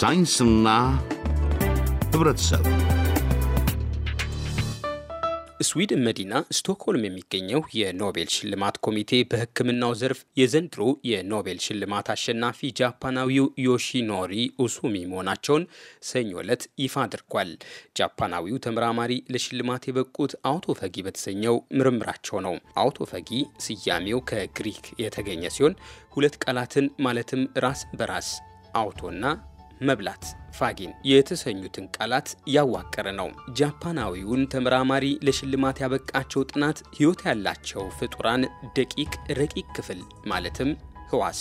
ሳይንስና ህብረተሰብ ስዊድን መዲና ስቶክሆልም የሚገኘው የኖቤል ሽልማት ኮሚቴ በሕክምናው ዘርፍ የዘንድሮ የኖቤል ሽልማት አሸናፊ ጃፓናዊው ዮሺኖሪ ኡሱሚ መሆናቸውን ሰኞ ዕለት ይፋ አድርጓል። ጃፓናዊው ተመራማሪ ለሽልማት የበቁት አውቶፈጊ በተሰኘው ምርምራቸው ነው። አውቶፈጊ ስያሜው ከግሪክ የተገኘ ሲሆን ሁለት ቃላትን ማለትም ራስ በራስ አውቶና መብላት ፋጊን የተሰኙትን ቃላት ያዋቀረ ነው። ጃፓናዊውን ተመራማሪ ለሽልማት ያበቃቸው ጥናት ሕይወት ያላቸው ፍጡራን ደቂቅ ረቂቅ ክፍል ማለትም ህዋስ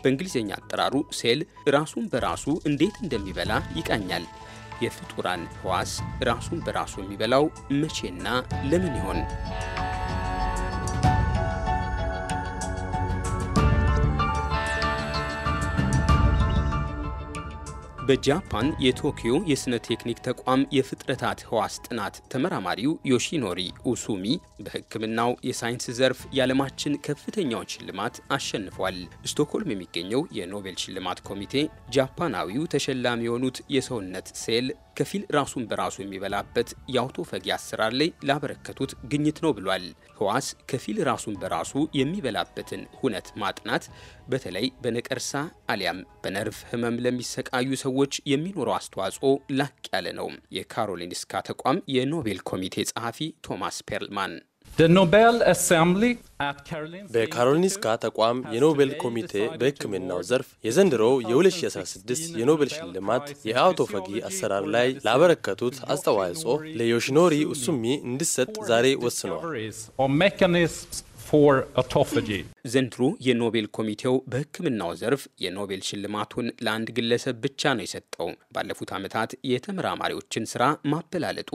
በእንግሊዝኛ አጠራሩ ሴል ራሱን በራሱ እንዴት እንደሚበላ ይቃኛል። የፍጡራን ህዋስ ራሱን በራሱ የሚበላው መቼና ለምን ይሆን? በጃፓን የቶኪዮ የሥነ ቴክኒክ ተቋም የፍጥረታት ሕዋስ ጥናት ተመራማሪው ዮሺኖሪ ኡሱሚ በሕክምናው የሳይንስ ዘርፍ የዓለማችን ከፍተኛውን ሽልማት አሸንፏል። ስቶክሆልም የሚገኘው የኖቤል ሽልማት ኮሚቴ ጃፓናዊው ተሸላሚ የሆኑት የሰውነት ሴል ከፊል ራሱን በራሱ የሚበላበት የአውቶፋጊ አሰራር ላይ ላበረከቱት ግኝት ነው ብሏል። ህዋስ ከፊል ራሱን በራሱ የሚበላበትን ሁነት ማጥናት በተለይ በነቀርሳ አሊያም በነርቭ ህመም ለሚሰቃዩ ሰዎች የሚኖረው አስተዋጽኦ ላቅ ያለ ነው። የካሮሊንስካ ተቋም የኖቤል ኮሚቴ ጸሐፊ ቶማስ ፔርልማን በካሮሊንስካ ተቋም የኖቤል ኮሚቴ በሕክምናው ዘርፍ የዘንድሮው የ2016 የኖቤል ሽልማት የአውቶፋጊ አሰራር ላይ ላበረከቱት አስተዋጽኦ ለዮሽኖሪ ኡሱሚ እንዲሰጥ ዛሬ ወስነዋል። for autophagy. ዘንድሮ የኖቤል ኮሚቴው በሕክምናው ዘርፍ የኖቤል ሽልማቱን ለአንድ ግለሰብ ብቻ ነው የሰጠው። ባለፉት ዓመታት የተመራማሪዎችን ስራ ማበላለጡ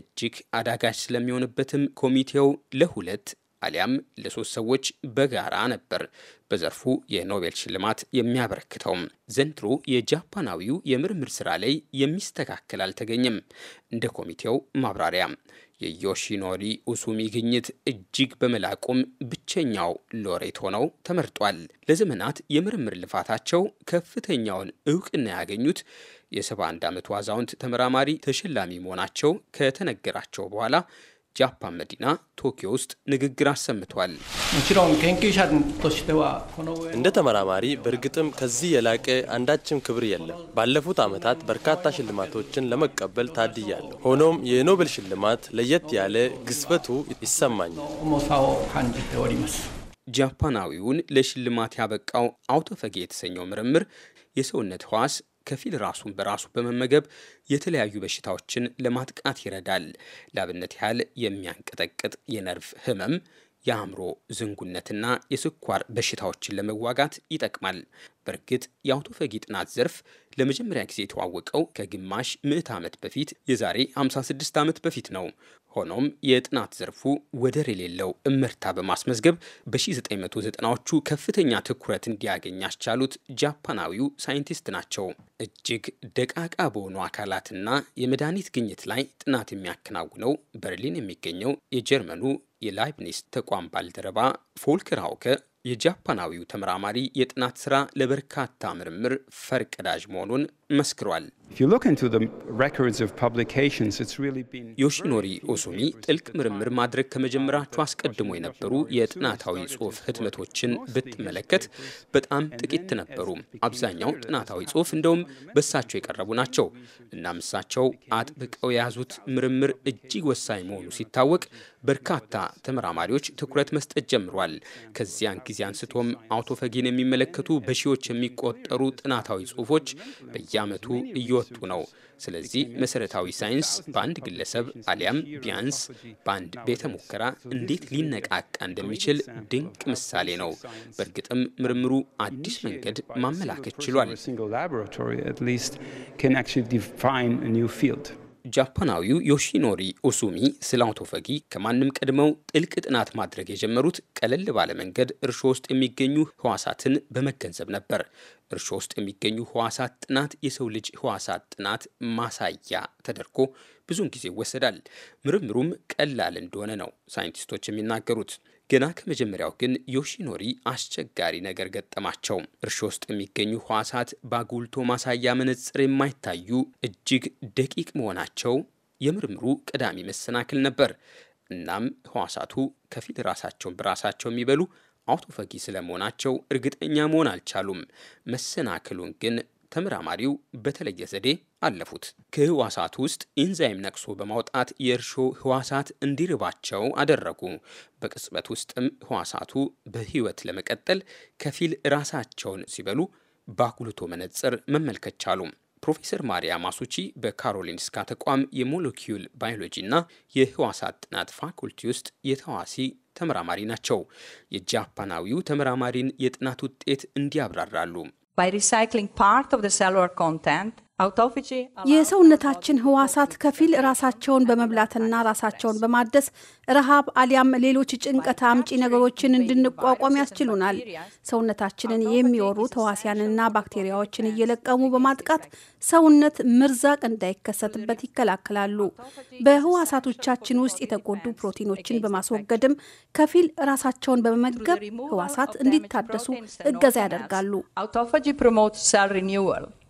እጅግ አዳጋች ስለሚሆንበትም ኮሚቴው ለሁለት አሊያም ለሶስት ሰዎች በጋራ ነበር በዘርፉ የኖቤል ሽልማት የሚያበረክተውም። ዘንድሮ የጃፓናዊው የምርምር ስራ ላይ የሚስተካከል አልተገኘም። እንደ ኮሚቴው ማብራሪያ የዮሺኖሪ ኡሱሚ ግኝት እጅግ በመላቁም ብቸኛው ሎሬት ሆነው ተመርጧል። ለዘመናት የምርምር ልፋታቸው ከፍተኛውን እውቅና ያገኙት የ71 ዓመቱ አዛውንት ተመራማሪ ተሸላሚ መሆናቸው ከተነገራቸው በኋላ ጃፓን መዲና ቶኪዮ ውስጥ ንግግር አሰምቷል። እንደ ተመራማሪ በእርግጥም ከዚህ የላቀ አንዳችም ክብር የለም። ባለፉት ዓመታት በርካታ ሽልማቶችን ለመቀበል ታድያለሁ። ሆኖም የኖቤል ሽልማት ለየት ያለ ግስበቱ ይሰማኛል። ጃፓናዊውን ለሽልማት ያበቃው አውቶፈጌ የተሰኘው ምርምር የሰውነት ህዋስ ከፊል ራሱን በራሱ በመመገብ የተለያዩ በሽታዎችን ለማጥቃት ይረዳል። ላብነት ያህል የሚያንቀጠቅጥ የነርቭ ህመም የአእምሮ ዝንጉነትና የስኳር በሽታዎችን ለመዋጋት ይጠቅማል። በእርግጥ የአውቶፈጊ ጥናት ዘርፍ ለመጀመሪያ ጊዜ የተዋወቀው ከግማሽ ምዕት ዓመት በፊት የዛሬ 56 ዓመት በፊት ነው። ሆኖም የጥናት ዘርፉ ወደር የሌለው እመርታ በማስመዝገብ በ1990ዎቹ ከፍተኛ ትኩረት እንዲያገኝ ያስቻሉት ጃፓናዊው ሳይንቲስት ናቸው። እጅግ ደቃቃ በሆኑ አካላትና የመድኃኒት ግኝት ላይ ጥናት የሚያከናውነው በርሊን የሚገኘው የጀርመኑ የላይብኒስ ተቋም ባልደረባ ፎልክር አውከ። የጃፓናዊው ተመራማሪ የጥናት ስራ ለበርካታ ምርምር ፈርቀዳጅ መሆኑን መስክሯል። ዮሺኖሪ ኦሶሚ ጥልቅ ምርምር ማድረግ ከመጀመራቸው አስቀድሞ የነበሩ የጥናታዊ ጽሑፍ ህትመቶችን ብትመለከት በጣም ጥቂት ነበሩ። አብዛኛው ጥናታዊ ጽሑፍ እንደውም በእሳቸው የቀረቡ ናቸው። እናም እሳቸው አጥብቀው የያዙት ምርምር እጅግ ወሳኝ መሆኑ ሲታወቅ በርካታ ተመራማሪዎች ትኩረት መስጠት ጀምሯል። ከዚያን ጊዜ አንስቶም አውቶፈጊን የሚመለከቱ በሺዎች የሚቆጠሩ ጥናታዊ ጽሑፎች በያ በየዓመቱ እየወጡ ነው። ስለዚህ መሰረታዊ ሳይንስ በአንድ ግለሰብ አሊያም ቢያንስ በአንድ ቤተ ሙከራ እንዴት ሊነቃቃ እንደሚችል ድንቅ ምሳሌ ነው። በእርግጥም ምርምሩ አዲስ መንገድ ማመላከት ችሏል። ጃፓናዊው ዮሺኖሪ ኡሱሚ ስለ አውቶፈጊ ከማንም ቀድመው ጥልቅ ጥናት ማድረግ የጀመሩት ቀለል ባለ መንገድ እርሾ ውስጥ የሚገኙ ህዋሳትን በመገንዘብ ነበር። እርሾ ውስጥ የሚገኙ ህዋሳት ጥናት የሰው ልጅ ህዋሳት ጥናት ማሳያ ተደርጎ ብዙውን ጊዜ ይወሰዳል። ምርምሩም ቀላል እንደሆነ ነው ሳይንቲስቶች የሚናገሩት። ገና ከመጀመሪያው ግን ዮሺኖሪ አስቸጋሪ ነገር ገጠማቸው። እርሻ ውስጥ የሚገኙ ህዋሳት በአጉልቶ ማሳያ መነጽር የማይታዩ እጅግ ደቂቅ መሆናቸው የምርምሩ ቀዳሚ መሰናክል ነበር። እናም ህዋሳቱ ከፊል ራሳቸውን በራሳቸው የሚበሉ አውቶፈጊ ስለመሆናቸው እርግጠኛ መሆን አልቻሉም። መሰናክሉን ግን ተመራማሪው በተለየ ዘዴ አለፉት። ከህዋሳት ውስጥ ኢንዛይም ነቅሶ በማውጣት የእርሾ ህዋሳት እንዲርባቸው አደረጉ። በቅጽበት ውስጥም ህዋሳቱ በህይወት ለመቀጠል ከፊል ራሳቸውን ሲበሉ በአጉልቶ መነጽር መመልከት ቻሉ። ፕሮፌሰር ማሪያ ማሱቺ በካሮሊንስካ ተቋም የሞለኪዩል ባዮሎጂና የህዋሳት ጥናት ፋኩልቲ ውስጥ የተዋሲ ተመራማሪ ናቸው። የጃፓናዊው ተመራማሪን የጥናት ውጤት እንዲያብራራሉ። by recycling part of the cellular content የሰውነታችን ህዋሳት ከፊል ራሳቸውን በመብላትና ራሳቸውን በማደስ ረሃብ አሊያም ሌሎች ጭንቀት አምጪ ነገሮችን እንድንቋቋም ያስችሉናል። ሰውነታችንን የሚወሩ ተዋሲያንና ባክቴሪያዎችን እየለቀሙ በማጥቃት ሰውነት ምርዛቅ እንዳይከሰትበት ይከላከላሉ። በህዋሳቶቻችን ውስጥ የተጎዱ ፕሮቲኖችን በማስወገድም ከፊል ራሳቸውን በመመገብ ህዋሳት እንዲታደሱ እገዛ ያደርጋሉ።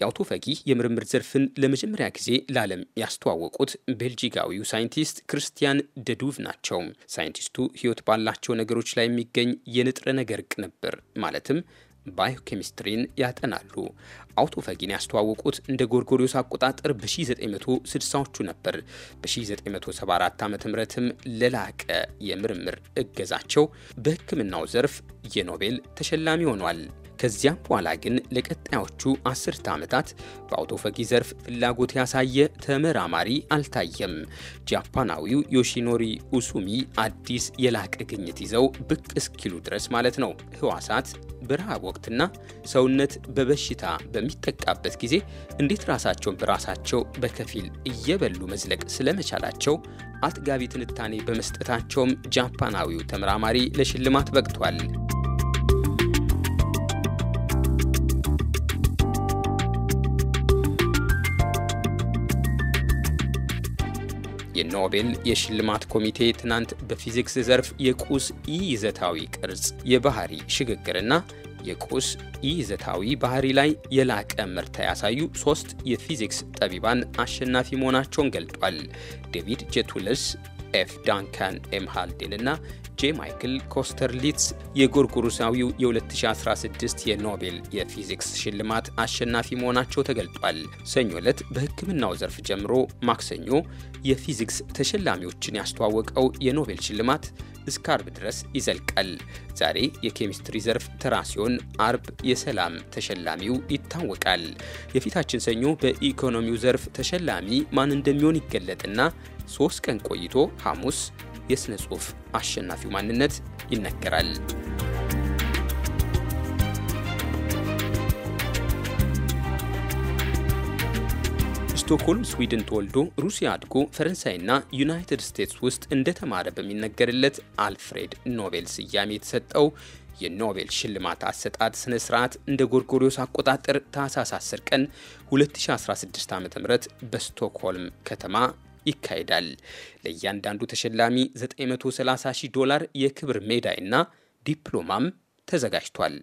የአውቶፈጂ የምርምር የትምህርት ዘርፍን ለመጀመሪያ ጊዜ ለዓለም ያስተዋወቁት ቤልጂካዊው ሳይንቲስት ክርስቲያን ደዱቭ ናቸው። ሳይንቲስቱ ሕይወት ባላቸው ነገሮች ላይ የሚገኝ የንጥረ ነገር ቅንብር ማለትም ባዮኬሚስትሪን ያጠናሉ። አውቶፈጊን ያስተዋወቁት እንደ ጎርጎሪዮስ አቆጣጠር በ1960ዎቹ ነበር። በ1974 ዓ ምትም ለላቀ የምርምር እገዛቸው በሕክምናው ዘርፍ የኖቤል ተሸላሚ ሆኗል። ከዚያም በኋላ ግን ለቀጣዮቹ አስርተ ዓመታት በአውቶፈጊ ዘርፍ ፍላጎት ያሳየ ተመራማሪ አልታየም። ጃፓናዊው ዮሺኖሪ ኡሱሚ አዲስ የላቀ ግኝት ይዘው ብቅ እስኪሉ ድረስ ማለት ነው ህዋሳት በረሃብ ወቅትና ሰውነት በበሽታ በሚጠቃበት ጊዜ እንዴት ራሳቸውን በራሳቸው በከፊል እየበሉ መዝለቅ ስለመቻላቸው አጥጋቢ ትንታኔ በመስጠታቸውም ጃፓናዊው ተመራማሪ ለሽልማት በቅቷል። የኖቤል የሽልማት ኮሚቴ ትናንት በፊዚክስ ዘርፍ የቁስ ኢይዘታዊ ቅርጽ የባህሪ ሽግግርና የቁስ ኢይዘታዊ ባህሪ ላይ የላቀ ምርታ ያሳዩ ሶስት የፊዚክስ ጠቢባን አሸናፊ መሆናቸውን ገልጧል። ዴቪድ ጄቱልስ ኤፍ ዳንካን ኤም ሃልዴን እና ጄ ማይክል ኮስተር ሊትስ የጎርጎሮሳዊው የ2016 የኖቤል የፊዚክስ ሽልማት አሸናፊ መሆናቸው ተገልጧል። ሰኞ ዕለት በሕክምናው ዘርፍ ጀምሮ ማክሰኞ የፊዚክስ ተሸላሚዎችን ያስተዋወቀው የኖቤል ሽልማት እስከ አርብ ድረስ ይዘልቃል። ዛሬ የኬሚስትሪ ዘርፍ ተራ ሲሆን፣ አርብ የሰላም ተሸላሚው ይታወቃል። የፊታችን ሰኞ በኢኮኖሚው ዘርፍ ተሸላሚ ማን እንደሚሆን ይገለጥና ሶስት ቀን ቆይቶ ሐሙስ የሥነ ጽሑፍ አሸናፊው ማንነት ይነገራል። ስቶክሆልም ስዊድን ተወልዶ ሩሲያ አድጎ ፈረንሳይና ዩናይትድ ስቴትስ ውስጥ እንደተማረ በሚነገርለት አልፍሬድ ኖቤል ስያሜ የተሰጠው የኖቤል ሽልማት አሰጣጥ ስነ ስርዓት እንደ ጎርጎሪዮስ አቆጣጠር ታህሳስ 10 ቀን 2016 ዓ.ም በስቶክሆልም ከተማ ይካሄዳል። ለእያንዳንዱ ተሸላሚ 930 ሺህ ዶላር የክብር ሜዳይና ዲፕሎማም ተዘጋጅቷል።